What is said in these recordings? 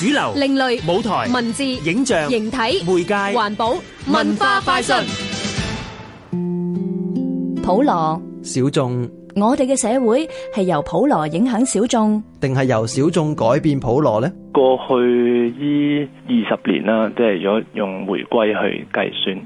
主流、另類、舞台、文字、影像、形體、媒介、環保、文化、快訊、普羅、小眾。我哋嘅社會係由普羅影響小眾，定係由小眾改變普羅咧？過去依二十年啦，即係如果用回歸去計算，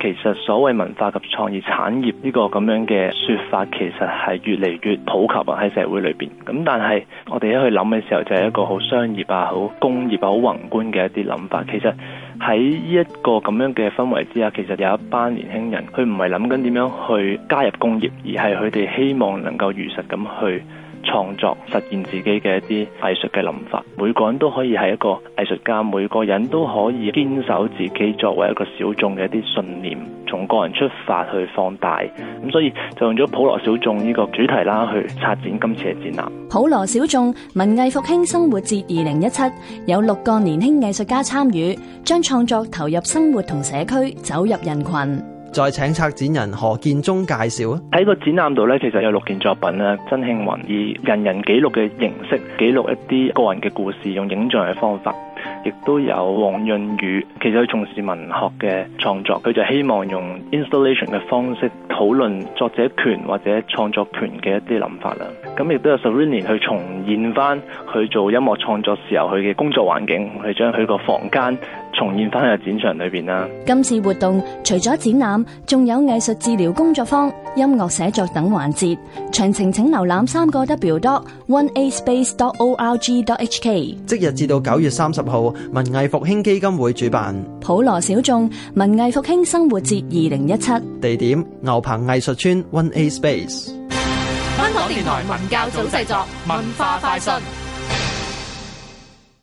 其實所謂文化及創意產業呢個咁樣嘅説法，其實係越嚟越普及喺社會裏邊。咁但係我哋一去諗嘅時候，就係一個好商業啊、好工業啊、好宏觀嘅一啲諗法。其實喺呢一個咁樣嘅氛圍之下，其實有一班年輕人，佢唔係諗緊點樣去加入工業，而係佢哋希望能夠如實咁去，創作實現自己嘅一啲藝術嘅諗法，每個人都可以係一個藝術家，每個人都可以堅守自己作為一個小眾嘅一啲信念，從個人出發去放大。咁所以就用咗普羅小眾呢個主題啦，去策展今次嘅展覽。普羅小眾文藝復興生活節二零一七有六個年輕藝術家參與，將創作投入生活同社區，走入人群。再請策展人何建忠介紹。喺個展覽度咧，其實有六件作品啊。曾慶雲以人人記錄嘅形式記錄一啲個人嘅故事，用影像嘅方法；亦都有黃潤宇，其實佢從事文學嘅創作，佢就希望用 installation 嘅方式討論作者權或者創作權嘅一啲諗法啦。咁亦都有 Sylvie 年去重現翻佢做音樂創作時候佢嘅工作環境，去將佢個房間。重現翻喺展場裏邊啦！今次活動除咗展覽，仲有藝術治療工作坊、音樂寫作等環節。詳情請瀏覽三個 w dot one a space dot o r g dot h k。即日至到九月三十號，文藝復興基金會主辦普羅小眾文藝復興生活節二零一七。地點牛棚藝術村 One A Space。香港 電台文教組製作文化快訊。